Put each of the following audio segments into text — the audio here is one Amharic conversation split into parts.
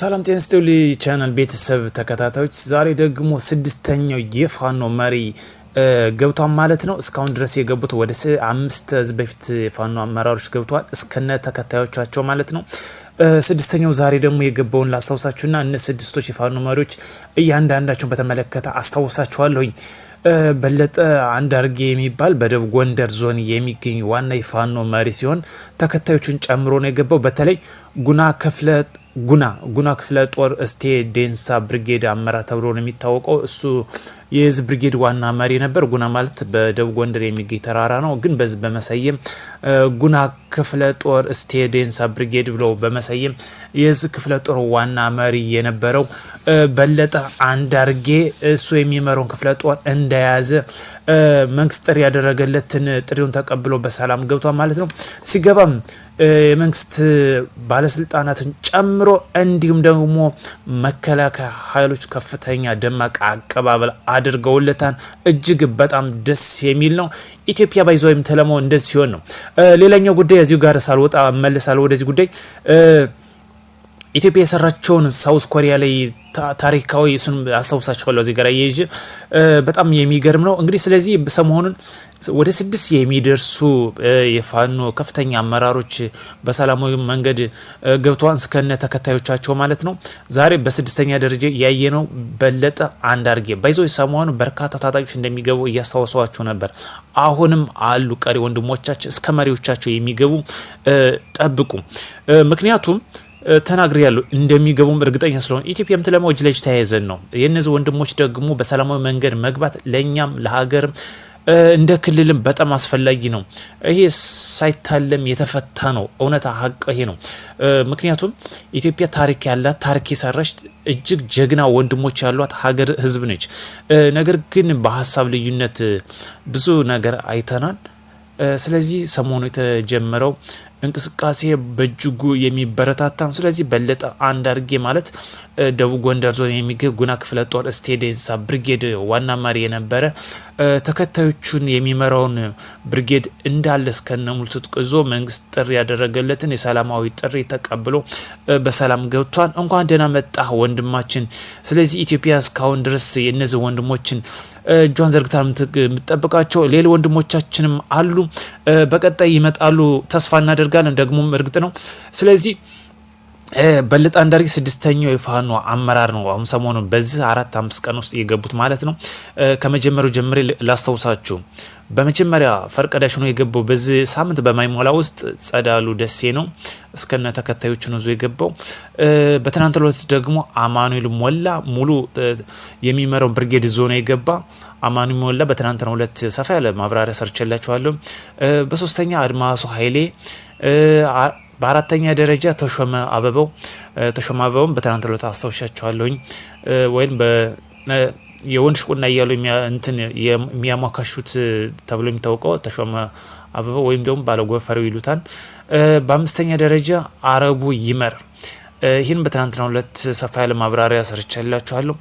ሰላም ጤና ቻናል ቤተሰብ ተከታታዮች፣ ዛሬ ደግሞ ስድስተኛው የፋኖ መሪ ገብቷን ማለት ነው። እስካሁን ድረስ የገቡት ወደ አምስት ህዝብ በፊት የፋኖ አመራሮች ገብተዋል እስከነ ተከታዮቻቸው ማለት ነው። ስድስተኛው ዛሬ ደግሞ የገባውን ላስታውሳችሁና እነ ስድስቶች የፋኖ መሪዎች እያንዳንዳቸውን በተመለከተ አስታውሳችኋለሁኝ። በለጠ አንድ አርጌ የሚባል በደቡብ ጎንደር ዞን የሚገኝ ዋና የፋኖ መሪ ሲሆን ተከታዮቹን ጨምሮ ነው የገባው። በተለይ ጉና ክፍለ ጉና ጉና ክፍለ ጦር እስቴ ዴንሳ ብርጌድ አመራር ተብሎ ነው የሚታወቀው እሱ የህዝብ ብርጌድ ዋና መሪ ነበር። ጉና ማለት በደቡብ ጎንደር የሚገኝ ተራራ ነው። ግን በዚህ በመሰየም ጉና ክፍለ ጦር ስቴዴንሳ ብርጌድ ብሎ በመሰየም የህዝብ ክፍለ ጦር ዋና መሪ የነበረው በለጠ አንዳርጌ እሱ የሚመራውን ክፍለ ጦር እንደያዘ መንግስት ጥሪ ያደረገለትን ጥሪውን ተቀብሎ በሰላም ገብቷል ማለት ነው። ሲገባም የመንግስት ባለስልጣናትን ጨምሮ እንዲሁም ደግሞ መከላከያ ኃይሎች ከፍተኛ ደማቅ አቀባበል አድርገውለታል። እጅግ በጣም ደስ የሚል ነው። ኢትዮጵያ ባይዘ ወይም ተለመው እንደዚህ ሲሆን ነው። ሌላኛው ጉዳይ እዚሁ ጋር ሳልወጣ መለሳለሁ ወደዚህ ጉዳይ ኢትዮጵያ የሰራቸውን ሳውዝ ኮሪያ ላይ ታሪካዊ እሱን አስታውሳችኋለሁ እዚህ ጋር እየይዤ በጣም የሚገርም ነው። እንግዲህ ስለዚህ ሰሞኑን ወደ ስድስት የሚደርሱ የፋኖ ከፍተኛ አመራሮች በሰላማዊ መንገድ ገብተዋን እስከነ ተከታዮቻቸው ማለት ነው። ዛሬ በስድስተኛ ደረጃ ያየ ነው በለጠ አንዳርጌ ባይዞ ሰሞኑ በርካታ ታጣቂዎች እንደሚገቡ እያስታወሰዋቸው ነበር። አሁንም አሉ ቀሪ ወንድሞቻችን እስከ መሪዎቻቸው የሚገቡ ጠብቁ። ምክንያቱም ተናግሬ ያሉ እንደሚገቡም እርግጠኛ ስለሆነ ኢትዮጵያ የምትለማው እጅ ተያይዘን ነው። የእነዚህ ወንድሞች ደግሞ በሰላማዊ መንገድ መግባት ለእኛም ለሀገርም እንደ ክልልም በጣም አስፈላጊ ነው። ይሄ ሳይታለም የተፈታ ነው። እውነታ ሀቅ ይሄ ነው። ምክንያቱም ኢትዮጵያ ታሪክ ያላት ታሪክ የሰራች እጅግ ጀግና ወንድሞች ያሏት ሀገር ህዝብ ነች። ነገር ግን በሀሳብ ልዩነት ብዙ ነገር አይተናል። ስለዚህ ሰሞኑ የተጀመረው እንቅስቃሴ በእጅጉ የሚበረታታ ነው። ስለዚህ በለጠ አንድ አርጌ ማለት ደቡብ ጎንደር ዞን የሚገኝ ጉና ክፍለ ጦር ስቴዴንሳ ብርጌድ ዋና መሪ የነበረ ተከታዮቹን የሚመራውን ብርጌድ እንዳለ እስከነ ሙሉ ትጥቅ መንግስት ጥሪ ያደረገለትን የሰላማዊ ጥሪ ተቀብሎ በሰላም ገብቷል። እንኳን ደህና መጣ ወንድማችን። ስለዚህ ኢትዮጵያ እስካሁን ድረስ የእነዚህ ወንድሞችን እጇን ዘርግታ የምትጠብቃቸው ሌላ ወንድሞቻችንም አሉ። በቀጣይ ይመጣሉ ተስፋ እናደርጋለን። ደግሞም እርግጥ ነው። ስለዚህ በልጣ አንዳርጌ ስድስተኛው የፋኖ አመራር ነው። አሁን ሰሞኑን በዚህ አራት አምስት ቀን ውስጥ የገቡት ማለት ነው። ከመጀመሪያው ጀምሬ ላስታውሳችሁ በመጀመሪያ ፈርቀዳሽ ሆኖ የገባው። በዚህ ሳምንት በማይሞላ ውስጥ ጸዳሉ ደሴ ነው እስከነ ተከታዮች ነው ዞ የገባው። በትናንትናው ዕለት ደግሞ አማኑኤል ሞላ ሙሉ የሚመራው ብርጌድ ዞ ነው የገባ። አማኑኤል ሞላ በትናንት ነው ሁለት ሰፋ ያለ ማብራሪያ ሰርቼላችኋለሁ። በሶስተኛ አድማሱ ኃይሌ በአራተኛ ደረጃ ተሾመ አበበው ተሾመ አበበውን በትናንትናው ዕለት አስታውሻችኋለሁኝ ወይም የወንድ ሽቁና እያሉ እንትን የሚያሟካሹት ተብሎ የሚታወቀው ተሾመ አበበ ወይም ደግሞ ባለጎፈሬው ይሉታል። በአምስተኛ ደረጃ አረቡ ይመር። ይህን በትናንትና ሁለት ሰፋ ያለ ማብራሪያ ሰርቻላችኋለሁ።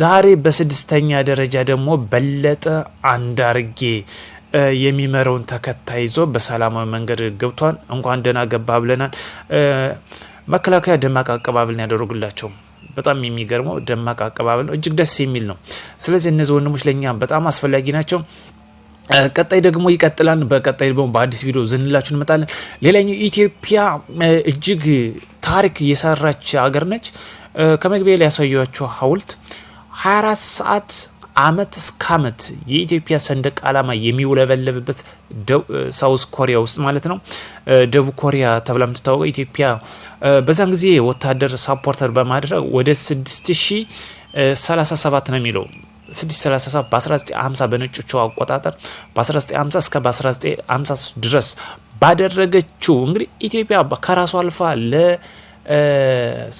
ዛሬ በስድስተኛ ደረጃ ደግሞ በለጠ አንዳርጌ የሚመራውን ተከታይ ይዞ በሰላማዊ መንገድ ገብቷል። እንኳን ደህና ገባ ብለናል። መከላከያ ደማቅ አቀባበልን ያደረጉላቸው በጣም የሚገርመው ደማቅ አቀባበል ነው። እጅግ ደስ የሚል ነው። ስለዚህ እነዚህ ወንድሞች ለእኛ በጣም አስፈላጊ ናቸው። ቀጣይ ደግሞ ይቀጥላል። በቀጣይ ደግሞ በአዲስ ቪዲዮ ዝንላችሁ እንመጣለን። ሌላኛው ኢትዮጵያ እጅግ ታሪክ የሰራች ሀገር ነች። ከመግቢያ ላይ ያሳያችሁ ሀውልት 24 ሰዓት አመት እስከ አመት የኢትዮጵያ ሰንደቅ ዓላማ የሚውለበለብበት ሳውስ ኮሪያ ውስጥ ማለት ነው፣ ደቡብ ኮሪያ ተብላ የምትታወቀው ኢትዮጵያ በዛን ጊዜ ወታደር ሳፖርተር በማድረግ ወደ 6037 ነው የሚለው 637 በ1950 በነጮቹ አቆጣጠር በ1950 እስከ በ1953 ድረስ ባደረገችው እንግዲህ ኢትዮጵያ ከራሱ አልፋ ለ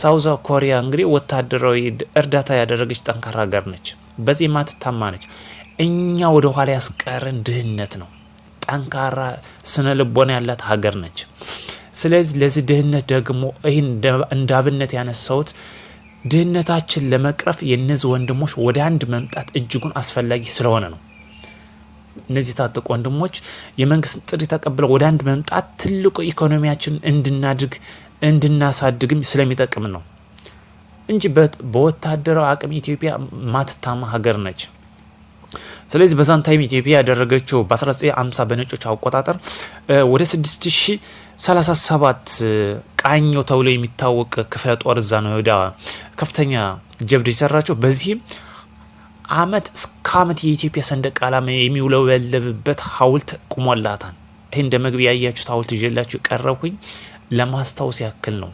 ሳውዛ ኮሪያ እንግዲህ ወታደራዊ እርዳታ ያደረገች ጠንካራ ሀገር ነች። በዚህ ማትታማ ነች። እኛ ወደ ኋላ ያስቀረን ድህነት ነው። ጠንካራ ስነ ልቦና ያላት ሀገር ነች። ስለዚህ ለዚህ ድህነት ደግሞ ይህን እንዳብነት ያነሳውት ድህነታችን ለመቅረፍ የእነዚህ ወንድሞች ወደ አንድ መምጣት እጅጉን አስፈላጊ ስለሆነ ነው። እነዚህ ታጠቁ ወንድሞች የመንግስት ጥሪ ተቀብለው ወደ አንድ መምጣት ትልቁ ኢኮኖሚያችን እንድናድግ እንድናሳድግም ስለሚጠቅም ነው እንጂ በወታደራዊ አቅም ኢትዮጵያ ማትታማ ሀገር ነች። ስለዚህ በዛን ታይም ኢትዮጵያ ያደረገችው በ1950 በነጮች አቆጣጠር ወደ 6037 ቃኞ ተብሎ የሚታወቅ ክፍለ ጦር እዛ ነው ወደ ከፍተኛ ጀብድ የሰራቸው። በዚህም አመት እስከ አመት የኢትዮጵያ ሰንደቅ ዓላማ የሚውለበለብበት ሀውልት ቁሞላታል። ይህ እንደ መግቢያ ያያችሁት ሀውልት ይዤላችሁ ቀረብኩኝ። ለማስታወስ ያክል ነው።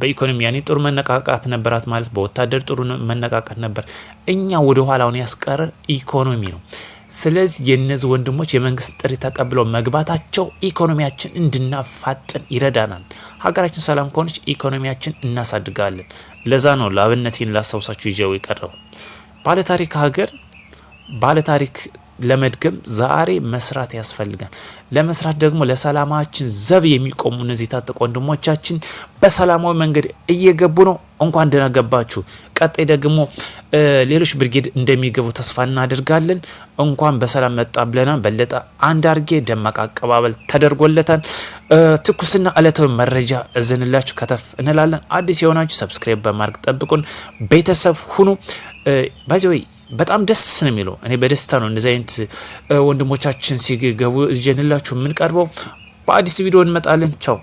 በኢኮኖሚ ያኔ ጥሩ መነቃቃት ነበራት ማለት በወታደር ጥሩ መነቃቃት ነበር። እኛ ወደ ኋላውን ያስቀረ ኢኮኖሚ ነው። ስለዚህ የእነዚህ ወንድሞች የመንግስት ጥሪ ተቀብለው መግባታቸው ኢኮኖሚያችን እንድናፋጥን ይረዳናል። ሀገራችን ሰላም ከሆነች ኢኮኖሚያችን እናሳድጋለን። ለዛ ነው ለአብነቴን ላስታውሳችሁ ይዤው የቀረው ባለታሪክ ሀገር ባለታሪክ ለመድገም ዛሬ መስራት ያስፈልጋል። ለመስራት ደግሞ ለሰላማችን ዘብ የሚቆሙ እነዚህ ታጠቁ ወንድሞቻችን በሰላማዊ መንገድ እየገቡ ነው። እንኳን ደህና ገባችሁ። ቀጣይ ደግሞ ሌሎች ብርጌድ እንደሚገቡ ተስፋ እናደርጋለን። እንኳን በሰላም መጣ ብለናል። በለጠ አርጌ ደማቅ አቀባበል ተደርጎለታል። ትኩስና ዕለታዊ መረጃ እዝንላችሁ ከተፍ እንላለን። አዲስ የሆናችሁ ሰብስክራይብ በማድረግ ጠብቁን። ቤተሰብ ሁኑ ባይዘወይ በጣም ደስ ነው የሚለው። እኔ በደስታ ነው እንደዚህ አይነት ወንድሞቻችን ሲገቡ እጀንላችሁ የምንቀርበው። በአዲስ ቪዲዮ እንመጣለን። ቻው